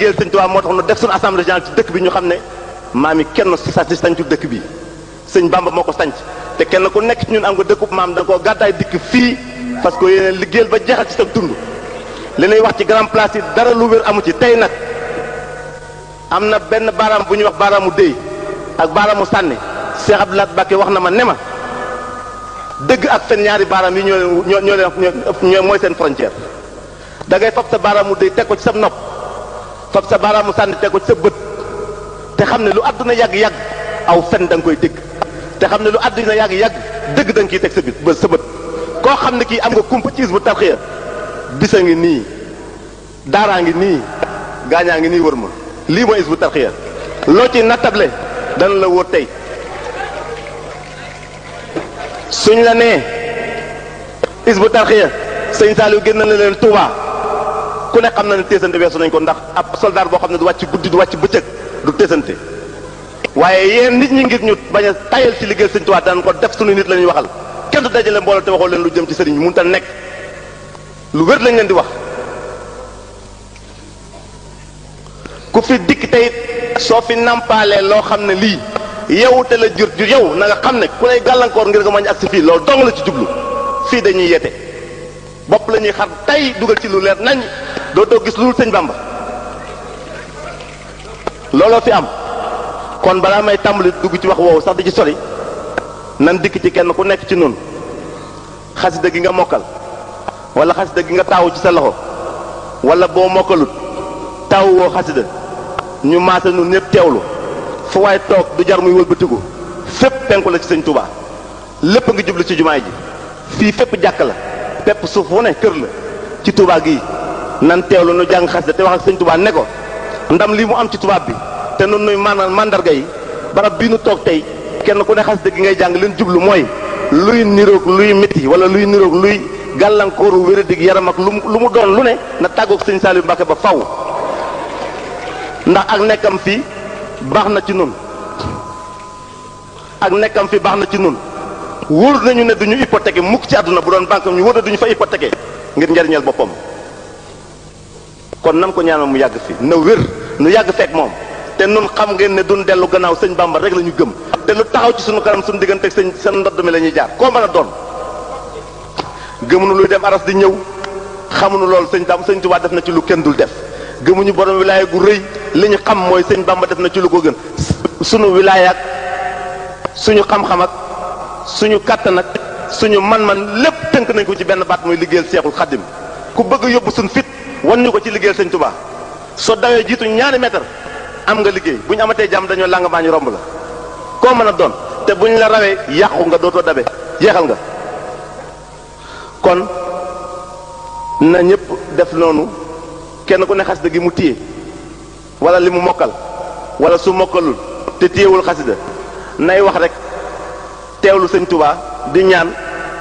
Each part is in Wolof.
liggéeyal sëñ Tuubaa moo tax na def suñu assemblée générale ci dëkk bi ñu xam ne maam yi kenn sa si sañcu dëkk bi sëñ Bamba moo ko sañc te kenn ku nekk ci ñun am nga dëkkub maam da koo gàddaay dikk fii parce que yéen liggéeyal ba jeexal ci sa dund li lay wax ci grand place yi dara lu wér amu ci tey nag am na benn baaraam bu ñuy wax baaraamu déy ak baaraamu sànni Cheikh Abdou Lahad Mbacké wax na ma ne ma dëgg ak fen ñaari baaraam yi ñoo leen ñoo leen mooy seen frontière da ngay fab sa baaraamu déy teg ko ci sa nopp fab sa baaraamu sànni te ko sa bët te xam ne lu àdduna yàgg-yàgg aw fen da koy dégg te xam ne lu àdduna yàgg-yàgg dëgg da nga kiy teg sa bët koo xam ne kii am nga compétence bu tarxiya bisa ngi nii daaraa ngi nii gaañaa ngi nii wër ma lii mooy is bu tarxiya loo ci nattable dana la wóor tey suñ la nee is bu tarxiya sëñ Saliou génn na leen Touba ku ne xam na ne téesante weesu nañ ko ndax ab soldat boo xam ne du wàcc guddi du wàcc bëccëg du téesante waaye yéen nit ñi ngir ñu bañ a tayal ci liggéey sëñ Tuubaa daan ko def suñu nit la ñuy waxal kenn du dajale mbooloo te waxoo leen lu jëm ci sëriñ bi mënut a nekk lu wér lañ leen di wax ku fi dikk tey soo fi nampaalee loo xam ne lii yow te la jur jur yow na nga xam ne ku lay gàllankoor ngir nga mañ ak si fii loolu dong la ci jublu fii dañuy yete bopp la ñuy xar tey dugal ci lu leer nañ doo doo gis lu dul sëñ Bamba looloo fi am kon balaa may tàmbali dugg ci wax woowu sax di ci soli nan dikk ci kenn ku nekk ci noonu xasida gi nga mokkal wala xasida gi nga taawu ci sa loxo walla boo mokkalut taawu woo xasida ñu maase nun ñépp teewlu fu waay toog du jar muy wëlbatiku fépp penku la ci sëñ Touba lépp ngi jublu ci jumaay ji fii fépp jàkk la pepp suuf wu ne kër la ci Touba gii nan teewlu nu jàng xasida te wax ak sëñ Tuubaa ne ko ndam lii mu am ci tubaab bi te nun nuy maanaam mandarga yi barab bii nu toog tey kenn ku ne xasida gi ngay jàng leen jublu mooy luy niroog luy métti wala luy niroog luy gàllankooru wéradig yaram ak lu lu mu doon lu ne na tàggoog sëñ Saliou Mbacke ba faw ndax ak nekkam fi baax na ci nun ak nekkam fi baax na ci nun wóor nañu ne duñu hypothéqué mukk ci àdduna bu doon banque ñu wóor na duñu fa hypothéqué ngir njariñal boppam kon nan ko ñaanal mu yàgg fii ndaw wér nu yàgg fekk moom te nun xam ngeen ne duñ dellu gannaaw sëñ Bamba rek la ñu gëm te lu taxaw ci suñu kanam suñu diggante ak sëñ seen ndodd mi la doon gëmuñu luy dem aras di ñëw xamuñu loolu sëñ Bamba sëñ Tuubaa def na ci lu kenn dul def gëmuñu borom wilaaya gu rëy li ñu xam sëñ Bamba def na ci lu ko gën suñu wilaaya suñu xam-xam ak suñu kàttan ak suñu man-man lépp tënk nañ ko ci benn baat muy liggéeyal Seexul Xadim ku bëgg yóbbu suñu fit wan ñu ko ci liggéeyal sëñ Touba soo dawee jiitu ñaari mètre am nga liggéey bu ñu amatee jàmm dañoo làng maa ñu romb la koo mën a doon te bu ñu la rawee yàqu nga dootoo dabe jeexal nga kon na ñëpp def noonu kenn ku ne xasida gi mu téye wala li mu mokkal wala su mokkalul te téyewul xasida nay wax rek teewlu sëñ Touba di ñaan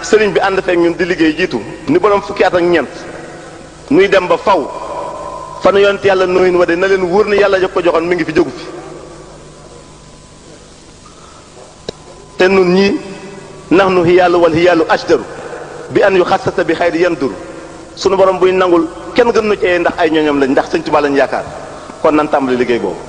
sëriñ bi ànd fekk ñun di liggéey jiitu ni borom fukki at ak ñeent nuy dem ba faw fa nu yont yàlla nooyin wa de na leen wóor ne yàlla jog ko joxoon mi ngi fi jógu fi te nun ñii nax nu xiyaalu wal xiyaalu ashdaru bi an yu xasasa bi xay yan duru sunu borom buy nangul kenn gën nu ci ndax ay ñoñom lañ ndax sëñ Tuubaa lañ yaakaar kon nan tàmbali liggéey boobu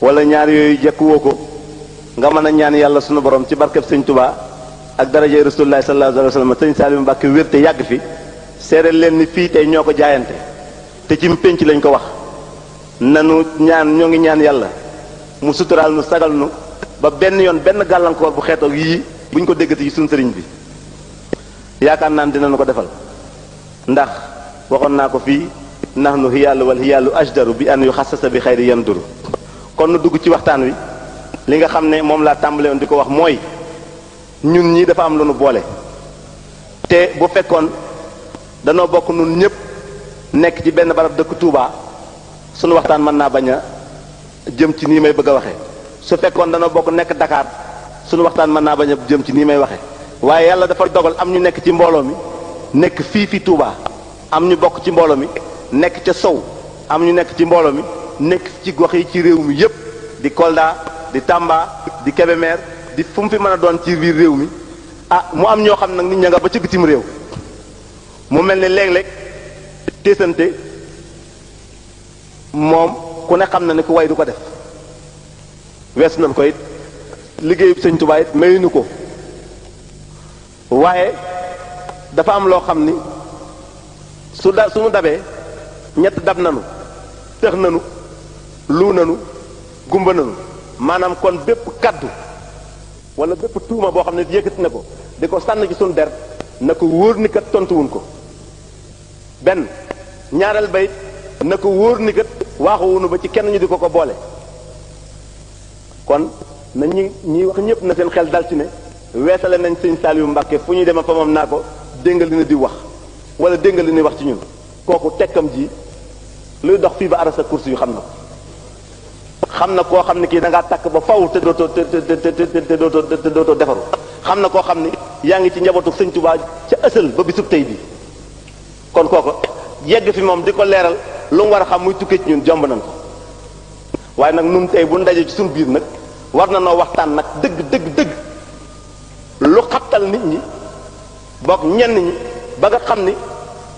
wala ñaar yooyu jekkuwoo ko nga mën a ñaan yàlla sunu borom ci barkeb sëñ tubaa ak darajay rasulullahi sallallahu alayhi wa sallam sëñ Saliou Mbàkke wér te yàgg fi seere leen ni fii tey ñoo ko jaayante te ci pénc lañ ko wax nanu ñaan ñoo ngi ñaan yàlla mu suturaal nu sagal nu ba benn yoon benn gàllankoor bu xeetoog yii buñ ko déggati ci suñu sëriñ bi yaakaar naa dina dinañu ko defal ndax waxoon naa ko fii nax nu xiyaalu wal xiyaalu ajdaru bi an yu xasasa bi xayri yanduru kon nu dugg ci waxtaan wi li nga xam ne moom laa tàmbalee woon di ko wax mooy ñun ñii dafa am lu boole te bu fekkoon danoo bokk nun ñëpp nekk ci benn barab dëkk tuubaa sunu waxtaan mën naa bañ a jëm ci nii may bëgg waxee su fekkoon danoo bokk nekk Dakar sunu waxtaan mën naa bañ a jëm ci nii may waxee waaye yàlla dafa dogal am ñu nekk ci mbooloo mi nekk fii fi tuubaa am ñu bokk ci mbooloo mi nekk ca sow am ñu nekk ci mbooloo mi nekk ci gox yi ci réew mi yépp di Kolda di Tamba di Kébémer di fu mu fi mën a doon ci biir réew mi ah mu am ñoo xam nag nit ña ba ci bitim réew mu mel ne léeg-léeg téesante moom ku ne xam na ne ku way du ko def weesu nañ ko it liggéeyub sëñ Tuubaa it mayuñu ko waaye dafa am loo xam ni su da su mu dabee ñett dab nanu tëx nanu lu nanu gumba nanu maanaam kon bépp kaddu wala bépp tuuma boo xam ne yëkkati na ko di ko sànn ci suñu der na ko wóor ni kat tontuwuñ ko benn ñaareel bayit na ko wóor ni kat waaxuwunu ba ci kenn ñu di ko ko boole kon na ñi ñi wax ñëpp na seen xel dal ci ne weesale nañ sëñ yu Mbàkke fu ñuy dema fa moom naa ko déngal li di wax wala déngal li ni wax ci ñun kooku tekkam ji luy dox fii ba arasa course yu xam na ko xam na koo xam ne kii da ngaa takk ba faw te dootoo te te te dootoo defaru xam na koo xam ne yaa ngi ci njabootu sëñ Tuubaa ca ësal ba bisub tey bi kon kooku yegg fi moom di ko leeral lu mu war a xam muy tukkee ci ñun jomb na ko waaye nag nun tey bu ndaje ci suñu biir nag war na noo waxtaan nag dëgg dëgg lu xattal nit ñi bokk ñenn ñi ba nga xam ni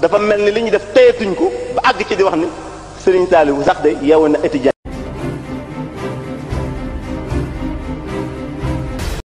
dafa mel ni li ñu def téyetuñ ko ba àgg ci di wax ni sëriñ Saaliwu sax de yeewu na étudiant